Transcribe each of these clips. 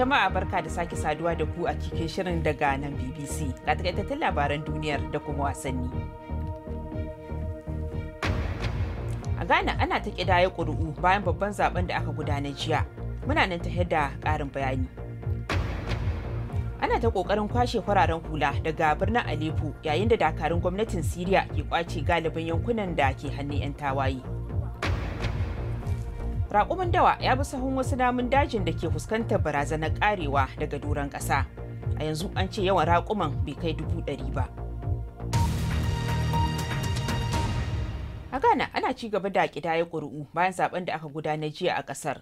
jama'a barka da sake saduwa da ku a cikin shirin daga nan BBC ga takaitattun labaran duniyar da kuma wasanni. A Ghana ana ta ƙidaya ƙuri'u bayan babban zaben da aka gudanar jiya. Muna nan ta da ƙarin bayani. Ana ta ƙoƙarin kwashe fararen hula daga birnin Aleppo yayin da dakarun gwamnatin Siriya ke kwace galibin yankunan da ke hannun 'yan tawaye. raƙumin dawa ya bi sahun wasu namun dajin da ke fuskantar barazanar karewa daga doron ƙasa a yanzu an ce yawan raƙuman bai kai dubu ɗari ba a ghana ana ci gaba da ƙidaya ƙuri'u bayan zaben da aka gudanar jiya a ƙasar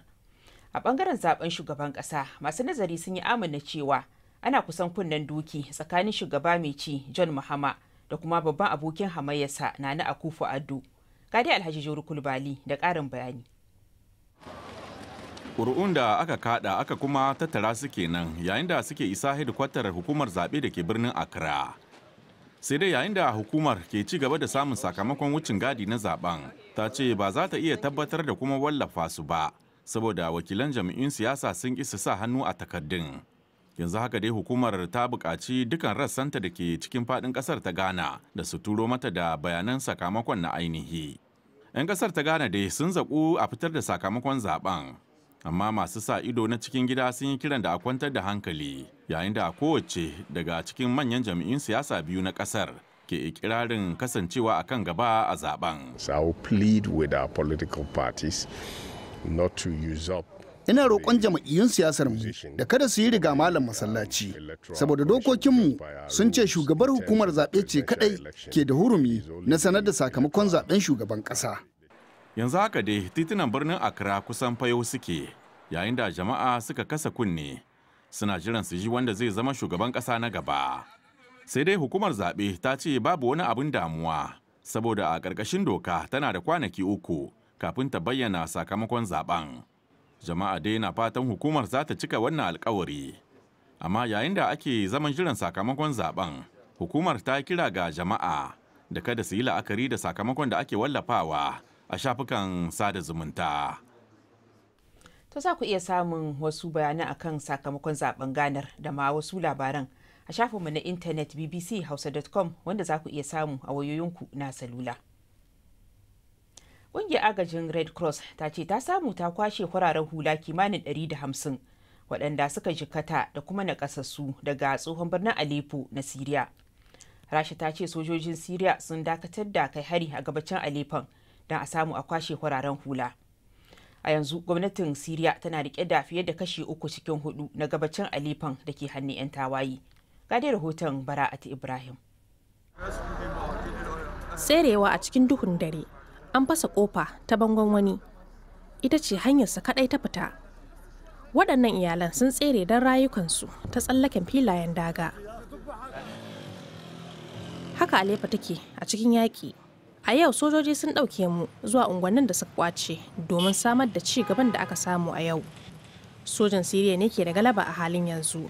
a ɓangaren zaben shugaban ƙasa masu nazari sun yi amina cewa ana kusan kunnen doki tsakanin shugaba mai ci john mahama da kuma babban abokin hamayyarsa nana akufo addo gadi alhaji joru kulbali da ƙarin bayani ƙuri'un da aka kada aka kuma tattara su kenan yayin da suke isa hedikwatar hukumar zaɓe da ke birnin accra sai dai yayin da hukumar ke ci gaba da samun sakamakon wucin gadi na zaben ta ce ba za ta iya tabbatar da kuma wallafa su ba saboda wakilan jami'in siyasa sun isa sa hannu a takardun yanzu haka dai hukumar ta buƙaci dukan rassanta da ke cikin faɗin ƙasar ta ghana da su turo mata da bayanan sakamakon na ainihi 'yan ƙasar ta ghana dai sun zaƙu a fitar da sakamakon zaben amma masu sa ido na cikin gida sun yi kiran da a kwantar da hankali yayin da kowace daga cikin manyan jami'in siyasa biyu na kasar ke ikirarin kasancewa a kan gaba a zaben. So with political parties not ina roƙon jama'iyyun siyasar mu da kada su yi riga malam masallaci saboda dokokinmu sun ce shugabar hukumar zaɓe ce kaɗai ke da hurumi na sanar da sakamakon zaɓen shugaban ƙasa yanzu haka dai titunan birnin accra kusan fayo suke yayin da jama'a suka kasa kunne suna jiran su ji wanda zai zama shugaban ƙasa na gaba sai dai hukumar zaɓe ta ce babu wani abin damuwa saboda a ƙarƙashin doka tana da kwanaki uku kafin ta bayyana sakamakon zaben jama'a dai na fatan hukumar za ta cika wannan alkawari amma yayin da ake zaman jiran sakamakon zaben hukumar ta kira ga jama'a da kada su yi la'akari da sakamakon da ake wallafawa a shafukan sada zumunta. To za ku iya samun wasu bayanan akan sakamakon zaben ganar da ma wasu labaran a shafinmu na intanet bbc bbchausa.com wanda za ku iya samu a wayoyinku na salula. Ƙungiyar agajin Red Cross ta ce ta samu ta kwashe kwararen hula kimanin 150 waɗanda suka jikata da kuma naƙasassu daga tsohon birnin Aleppo na Siriya. Rasha ta ce sojojin Siriya sun dakatar da kai hari a gabacin Aleppon don a samu a kwashe kwararen hula a yanzu gwamnatin siriya tana rike da fiye da kashi uku cikin hudu na gabacin alifan da ke hannu 'yan tawaye rahoton rahoton bara ta ibrahim tserewa a cikin duhun dare an fasa kofa ta bangon wani ita ce hanyar sa kadai ta fita waɗannan iyalan sun tsere don rayukansu ta tsallaken filayen daga haka alefa take a cikin yaƙi a yau sojoji sun ɗauke mu zuwa unguwannin da suka kwace domin samar da ci gaban da aka samu a yau sojan siriya ne ke da galaba a halin yanzu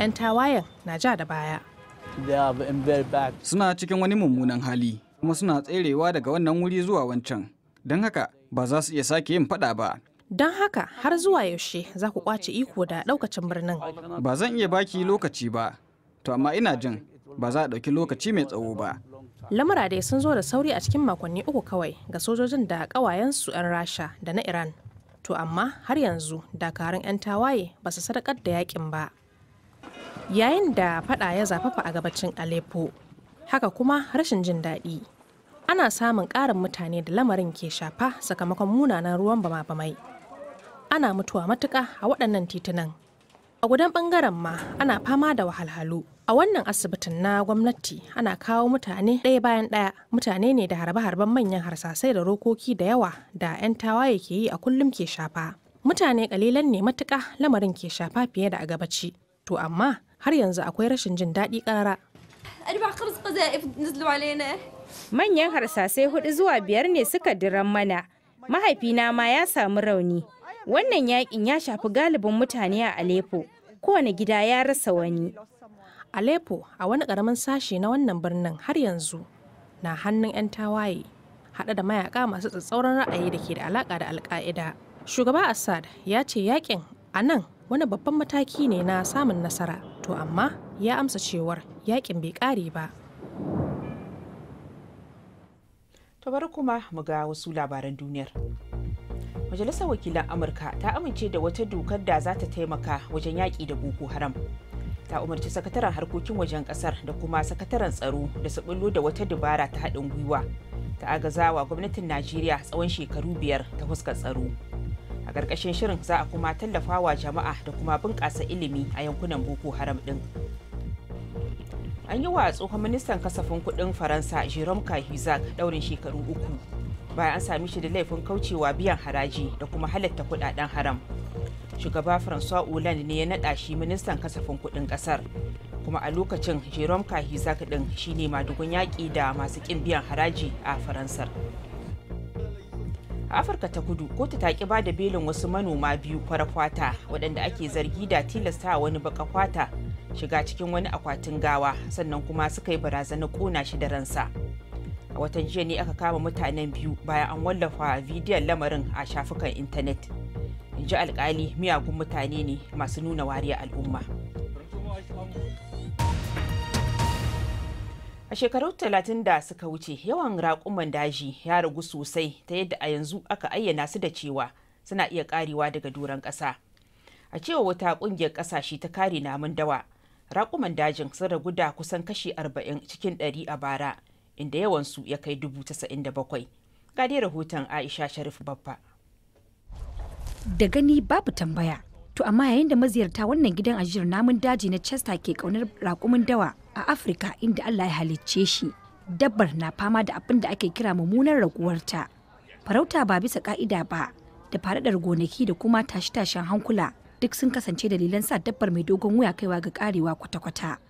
'yan tawayen na ja da baya suna cikin wani mummunan hali kuma suna tserewa daga wannan wuri zuwa wancan don haka ba za su iya sake yin faɗa ba don haka har zuwa yaushe za ku kwace iko da daukacin birnin ba zan iya baki lokaci ba to amma ina jin ba za a ɗauki lokaci mai tsawo ba lamura dai sun zo da sauri a cikin makonni uku kawai ga sojojin da ƙawayensu 'yan rasha da na iran to amma har yanzu dakarun 'yan tawaye ba su sadakar da yakin ba yayin da faɗa ya zafafa a gabacin aleppo haka kuma rashin jin daɗi ana samun ƙarin mutane da lamarin ke shafa sakamakon munanan ruwan bama-bamai ana mutuwa matuƙa a waɗannan titunan a gudan ɓangaren ma ana fama da wahalhalu A wannan asibitin na gwamnati ana kawo mutane ɗaya bayan ɗaya mutane ne da harbe-harben manyan harsasai da rokoki da yawa da 'yan tawaye ke yi a kullum ke shafa. Mutane ƙalilan ne matuka lamarin ke shafa fiye da a gabaci. To amma har yanzu akwai rashin jin daɗi ƙarara. Manyan harsasai hudu zuwa biyar ne suka diran mana. Mahaifina ma ya samu rauni. Wannan yakin ya shafi galibin mutane a Aleppo. Kowane gida ya rasa wani. Aleppo a wani ƙaramin sashe na wannan birnin har yanzu na hannun 'yan tawaye haɗe da mayaka masu tsatsauran ra'ayi da ke da alaƙa da alƙa'ida. Shugaba Assad ya ce yakin a nan wani babban mataki ne na samun nasara to amma ya amsa cewar yakin bai ƙare ba. To bari kuma mu ga wasu labaran duniyar. Majalisar Wakilan Amurka ta amince da wata dokar da za ta taimaka wajen yaƙi da Boko Haram. ta umarci sakataren harkokin wajen kasar da kuma sakataren tsaro da su bullo da wata dubara ta haɗin gwiwa ta agazawa gwamnatin najeriya tsawon shekaru biyar ta fuskar tsaro a ƙarƙashin shirin za a kuma tallafawa jama'a da kuma bunƙasa ilimi a yankunan boko haram ɗin an yi wa tsohon ministan kasafin kuɗin faransa jerome cahuzac ɗaurin shekaru uku bayan an sami shi da laifin kaucewa biyan haraji da kuma halatta kuɗaɗen haram shugaba francois Hollande ne ya naɗa shi ministan kasafin kuɗin ƙasar. Kuma a lokacin Jerome zaka ɗin shine madugun yaƙi da masu ƙin biyan haraji a Faransar. A Afirka ta kudu kotu ta ƙi bada belin wasu manoma biyu kwarakwata waɗanda ake zargi da tilasta wani baka kwata shiga cikin wani akwatin gawa sannan kuma suka yi barazanar ƙona shi da ransa. a watan jiya ne aka kama mutanen biyu bayan an wallafa bidiyon lamarin a shafukan intanet. in ji alkali miyagun mutane ne masu nuna wariya al'umma a shekaru talatin da suka wuce yawan raƙuman daji ya ragu sosai ta yadda a yanzu aka ayyana su da cewa suna iya karewa daga doron ƙasa a cewa wata ƙungiyar ƙasashe ta kare namun dawa raƙuman dajin sun ragu da kusan kashi 40 cikin 100 a bara inda yawansu ya kai 97 ga dai rahoton aisha sharif babba da gani babu tambaya to amma yayin da maziyarta wannan gidan ajiyar namun daji na chester ke kaunar rakumin dawa a afirka inda allah ya halicce shi dabbar na fama da abin da ake kira mummunar raguwarta farauta ba bisa ka'ida ba da faradar gonaki da kuma tashi tashen hankula duk sun kasance dalilan sa dabbar mai dogon wuya kaiwa ga karewa kwata-kwata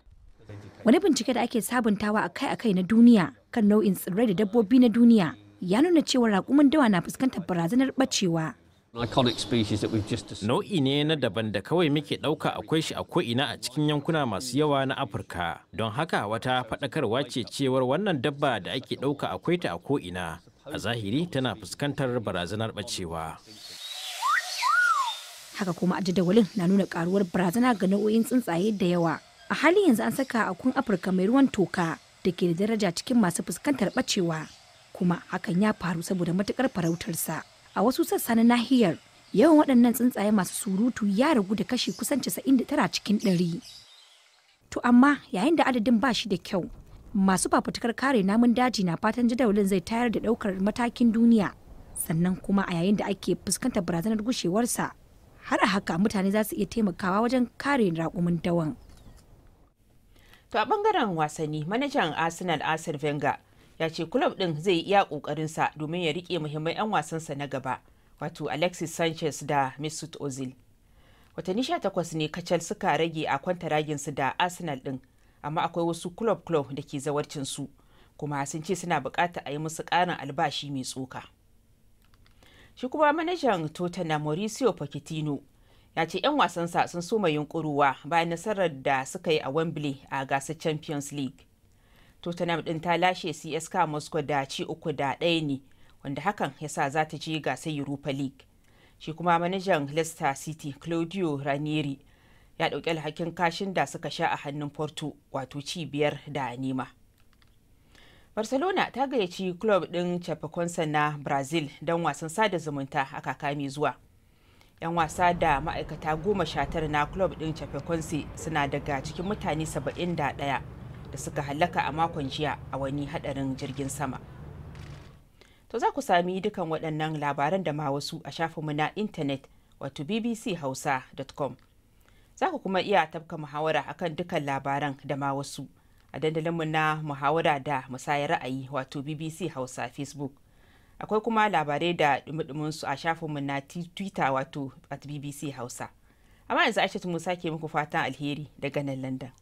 wani bincike da ake sabuntawa akai-akai na duniya kan nau'in tsirrai da dabbobi na duniya ya nuna cewa rakumin dawa na fuskantar barazanar bacewa Nau'i ne na daban da kawai muke ɗauka akwai shi a ko'ina a cikin yankuna masu yawa na Afirka. Don haka wata faɗakarwa ce cewar wannan dabba da ake ɗauka akwai ta a ko'ina. A zahiri tana fuskantar barazanar ɓacewa. Haka kuma a jadawalin na nuna karuwar barazana ga nau'o'in tsuntsaye da yawa. A halin yanzu an saka a akun Afirka mai ruwan toka da ke da daraja cikin masu fuskantar ɓacewa. Kuma hakan ya faru saboda matuƙar farautarsa. a wasu sassa na nahiyar yawan waɗannan tsuntsaye masu surutu ya ragu da kashi kusan 99 cikin 100 to amma yayin da adadin ba shi da kyau masu fafutukar kare namun daji na fatan jadawalin zai tayar da ɗaukar matakin duniya sannan kuma a yayin da ake fuskantar barazanar gushewarsa har a haka mutane za su iya taimakawa wajen kare raƙumin dawan. To a ɓangaren wasanni manajan Arsenal Arsene Wenger ya ce kulob ɗin zai iya sa domin ya rike muhimman 'yan wasansa na gaba wato alexis sanchez da mesut ozil watanni sha takwas ne kacal suka rage a kwantaraginsu da arsenal ɗin amma akwai wasu club club da ke zawarcin su kuma sun ce suna bukata a yi musu ƙarin albashi mai tsoka shi kuma manajan tottenham mauricio pochettino ya ce 'yan wasansa sun soma yunkuruwa bayan nasarar da suka yi a wembley a gasar champions league tottenham din ta lashe CSKA moscow da ci uku da ɗaya ne wanda hakan ya sa za ta je gasar europa league shi kuma manajan leicester city claudio ranieri ya ɗauki alhakin kashin da suka sha a hannun porto wato ci biyar da nema barcelona ta gayyaci club ɗin chapecoense na brazil don wasan sada zumunta a kaka mai zuwa 'yan wasa da ma'aikata goma sha tara na club ɗin chapecoense suna daga cikin mutane saba'in da ɗaya. da suka halaka a makon jiya a wani hadarin jirgin sama to za ku sami dukan waɗannan labaran da ma wasu a shafinmu na intanet wato bbchausa.com za ku kuma iya tafka muhawara akan dukan labaran da ma wasu a dandalinmu na muhawara da musayar ra'ayi wato bbc hausa facebook akwai kuma labarai da dumudumunsu a shafinmu na twitter wato at bbc hausa amma yanzu aisha musa ke muku fatan alheri daga nan london